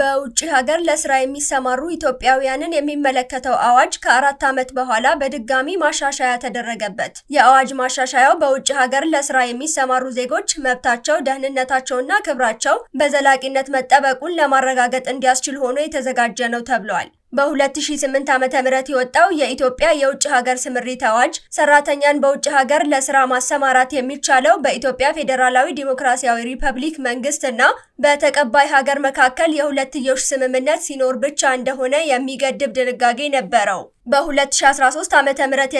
በውጭ ሀገር ለስራ የሚሰማሩ ኢትዮጵያውያንን የሚመለከተው አዋጅ ከአራት ዓመት በኋላ በድጋሚ ማሻሻያ ተደረገበት። የአዋጅ ማሻሻያው በውጭ ሀገር ለስራ የሚሰማሩ ዜጎች መብታቸው፣ ደህንነታቸውና ክብራቸው በዘላቂነት መጠበቁን ለማረጋገጥ እንዲያስችል ሆኖ የተዘጋጀ ነው ተብሏል። በ2008 ዓ.ም የወጣው የኢትዮጵያ የውጭ ሀገር ስምሪት አዋጅ ሰራተኛን በውጭ ሀገር ለስራ ማሰማራት የሚቻለው በኢትዮጵያ ፌዴራላዊ ዲሞክራሲያዊ ሪፐብሊክ መንግስት እና በተቀባይ ሀገር መካከል የሁለትዮሽ ስምምነት ሲኖር ብቻ እንደሆነ የሚገድብ ድንጋጌ ነበረው። በ2013 ዓ.ም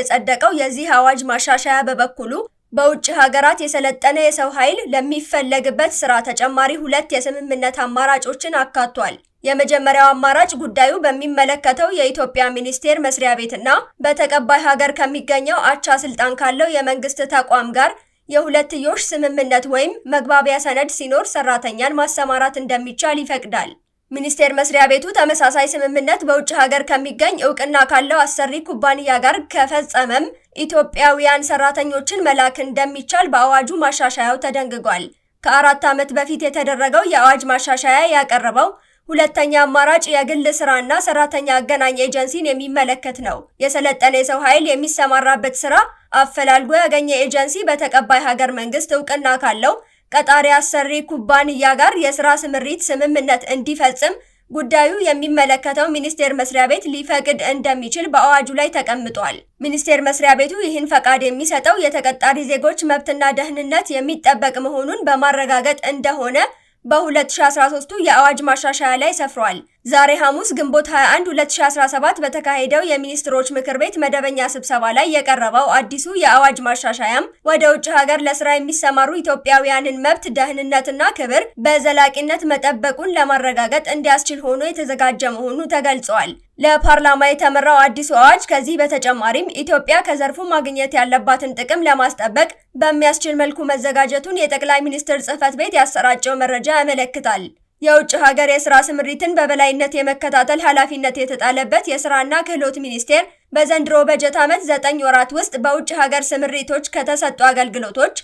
የጸደቀው የዚህ አዋጅ ማሻሻያ በበኩሉ በውጭ ሀገራት የሰለጠነ የሰው ኃይል ለሚፈለግበት ስራ ተጨማሪ ሁለት የስምምነት አማራጮችን አካቷል። የመጀመሪያው አማራጭ ጉዳዩ በሚመለከተው የኢትዮጵያ ሚኒስቴር መስሪያ ቤትና በተቀባይ ሀገር ከሚገኘው አቻ ስልጣን ካለው የመንግስት ተቋም ጋር የሁለትዮሽ ስምምነት ወይም መግባቢያ ሰነድ ሲኖር ሰራተኛን ማሰማራት እንደሚቻል ይፈቅዳል። ሚኒስቴር መስሪያ ቤቱ ተመሳሳይ ስምምነት በውጭ ሀገር ከሚገኝ እውቅና ካለው አሰሪ ኩባንያ ጋር ከፈጸመም ኢትዮጵያውያን ሰራተኞችን መላክ እንደሚቻል በአዋጁ ማሻሻያው ተደንግጓል። ከአራት ዓመት በፊት የተደረገው የአዋጅ ማሻሻያ ያቀረበው ሁለተኛ አማራጭ የግል ስራና ሰራተኛ አገናኝ ኤጀንሲን የሚመለከት ነው። የሰለጠነ የሰው ኃይል የሚሰማራበት ስራ አፈላልጎ ያገኘ ኤጀንሲ በተቀባይ ሀገር መንግስት እውቅና ካለው ቀጣሪ አሰሪ ኩባንያ ጋር የስራ ስምሪት ስምምነት እንዲፈጽም ጉዳዩ የሚመለከተው ሚኒስቴር መስሪያ ቤት ሊፈቅድ እንደሚችል በአዋጁ ላይ ተቀምጧል። ሚኒስቴር መስሪያ ቤቱ ይህን ፈቃድ የሚሰጠው የተቀጣሪ ዜጎች መብትና ደህንነት የሚጠበቅ መሆኑን በማረጋገጥ እንደሆነ በ2013ቱ የአዋጅ ማሻሻያ ላይ ሰፍሯል። ዛሬ ሐሙስ ግንቦት 21 2017 በተካሄደው የሚኒስትሮች ምክር ቤት መደበኛ ስብሰባ ላይ የቀረበው አዲሱ የአዋጅ ማሻሻያም ወደ ውጭ ሀገር ለስራ የሚሰማሩ ኢትዮጵያውያንን መብት፣ ደህንነትና ክብር በዘላቂነት መጠበቁን ለማረጋገጥ እንዲያስችል ሆኖ የተዘጋጀ መሆኑ ተገልጿል። ለፓርላማ የተመራው አዲሱ አዋጅ ከዚህ በተጨማሪም ኢትዮጵያ ከዘርፉ ማግኘት ያለባትን ጥቅም ለማስጠበቅ በሚያስችል መልኩ መዘጋጀቱን የጠቅላይ ሚኒስትር ጽህፈት ቤት ያሰራጨው መረጃ ያመለክታል። የውጭ ሀገር የስራ ስምሪትን በበላይነት የመከታተል ኃላፊነት የተጣለበት የስራና ክህሎት ሚኒስቴር በዘንድሮ በጀት ዓመት ዘጠኝ ወራት ውስጥ በውጭ ሀገር ስምሪቶች ከተሰጡ አገልግሎቶች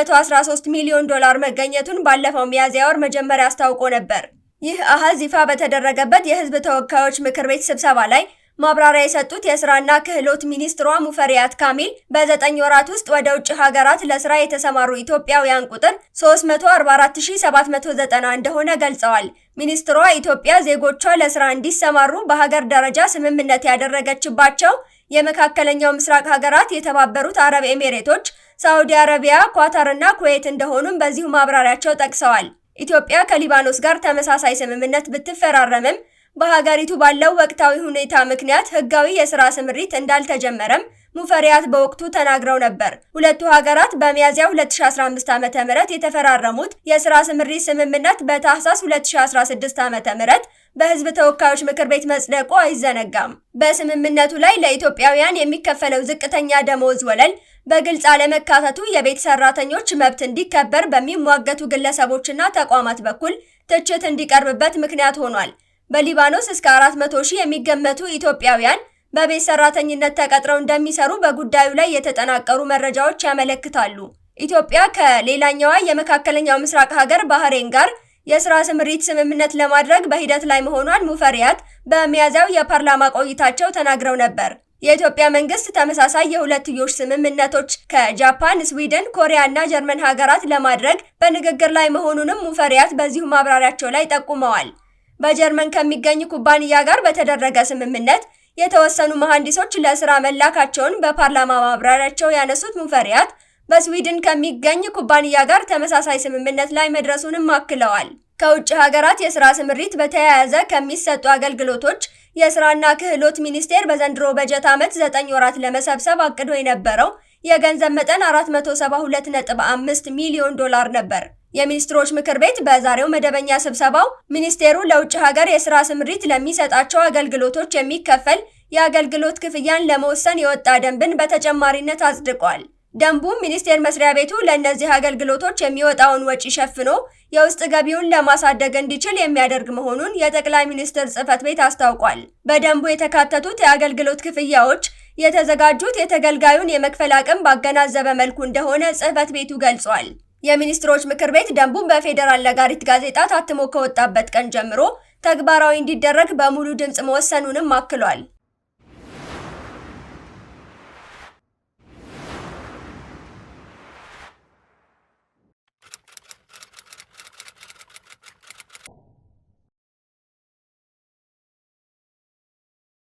113 ሚሊዮን ዶላር መገኘቱን ባለፈው ሚያዝያ ወር መጀመሪያ አስታውቆ ነበር። ይህ አሃዝ ይፋ በተደረገበት የህዝብ ተወካዮች ምክር ቤት ስብሰባ ላይ ማብራሪያ የሰጡት የስራና ክህሎት ሚኒስትሯ ሙፈሪያት ካሚል በዘጠኝ ወራት ውስጥ ወደ ውጭ ሀገራት ለስራ የተሰማሩ ኢትዮጵያውያን ቁጥር 344790 እንደሆነ ገልጸዋል። ሚኒስትሯ ኢትዮጵያ ዜጎቿ ለስራ እንዲሰማሩ በሀገር ደረጃ ስምምነት ያደረገችባቸው የመካከለኛው ምስራቅ ሀገራት የተባበሩት አረብ ኤሚሬቶች፣ ሳዑዲ አረቢያ፣ ኳታር እና ኩዌት እንደሆኑም በዚሁ ማብራሪያቸው ጠቅሰዋል። ኢትዮጵያ ከሊባኖስ ጋር ተመሳሳይ ስምምነት ብትፈራረምም በሀገሪቱ ባለው ወቅታዊ ሁኔታ ምክንያት ህጋዊ የስራ ስምሪት እንዳልተጀመረም ሙፈሪያት በወቅቱ ተናግረው ነበር። ሁለቱ ሀገራት በሚያዝያ 2015 ዓ.ም የተፈራረሙት የስራ ስምሪት ስምምነት በታህሳስ 2016 ዓ.ም በህዝብ ተወካዮች ምክር ቤት መጽደቁ አይዘነጋም። በስምምነቱ ላይ ለኢትዮጵያውያን የሚከፈለው ዝቅተኛ ደመወዝ ወለል በግልጽ አለመካተቱ የቤት ሰራተኞች መብት እንዲከበር በሚሟገቱ ግለሰቦችና ተቋማት በኩል ትችት እንዲቀርብበት ምክንያት ሆኗል። በሊባኖስ እስከ 400 ሺህ የሚገመቱ ኢትዮጵያውያን በቤት ሰራተኝነት ተቀጥረው እንደሚሰሩ በጉዳዩ ላይ የተጠናቀሩ መረጃዎች ያመለክታሉ። ኢትዮጵያ ከሌላኛዋ የመካከለኛው ምስራቅ ሀገር ባህሬን ጋር የስራ ስምሪት ስምምነት ለማድረግ በሂደት ላይ መሆኗን ሙፈሪያት በሚያዝያው የፓርላማ ቆይታቸው ተናግረው ነበር። የኢትዮጵያ መንግስት ተመሳሳይ የሁለትዮሽ ስምምነቶች ከጃፓን፣ ስዊድን፣ ኮሪያ እና ጀርመን ሀገራት ለማድረግ በንግግር ላይ መሆኑንም ሙፈሪያት በዚሁ ማብራሪያቸው ላይ ጠቁመዋል። በጀርመን ከሚገኝ ኩባንያ ጋር በተደረገ ስምምነት የተወሰኑ መሐንዲሶች ለስራ መላካቸውን በፓርላማ ማብራሪያቸው ያነሱት ሙፈሪያት በስዊድን ከሚገኝ ኩባንያ ጋር ተመሳሳይ ስምምነት ላይ መድረሱንም አክለዋል። ከውጭ ሀገራት የስራ ስምሪት በተያያዘ ከሚሰጡ አገልግሎቶች የስራና ክህሎት ሚኒስቴር በዘንድሮ በጀት ዓመት ዘጠኝ ወራት ለመሰብሰብ አቅዶ የነበረው የገንዘብ መጠን 472.5 ሚሊዮን ዶላር ነበር። የሚኒስትሮች ምክር ቤት በዛሬው መደበኛ ስብሰባው ሚኒስቴሩ ለውጭ ሀገር የስራ ስምሪት ለሚሰጣቸው አገልግሎቶች የሚከፈል የአገልግሎት ክፍያን ለመወሰን የወጣ ደንብን በተጨማሪነት አጽድቋል። ደንቡም ሚኒስቴር መስሪያ ቤቱ ለእነዚህ አገልግሎቶች የሚወጣውን ወጪ ሸፍኖ የውስጥ ገቢውን ለማሳደግ እንዲችል የሚያደርግ መሆኑን የጠቅላይ ሚኒስትር ጽህፈት ቤት አስታውቋል። በደንቡ የተካተቱት የአገልግሎት ክፍያዎች የተዘጋጁት የተገልጋዩን የመክፈል አቅም ባገናዘበ መልኩ እንደሆነ ጽህፈት ቤቱ ገልጿል። የሚኒስትሮች ምክር ቤት ደንቡን በፌዴራል ነጋሪት ጋዜጣ ታትሞ ከወጣበት ቀን ጀምሮ ተግባራዊ እንዲደረግ በሙሉ ድምፅ መወሰኑንም አክሏል።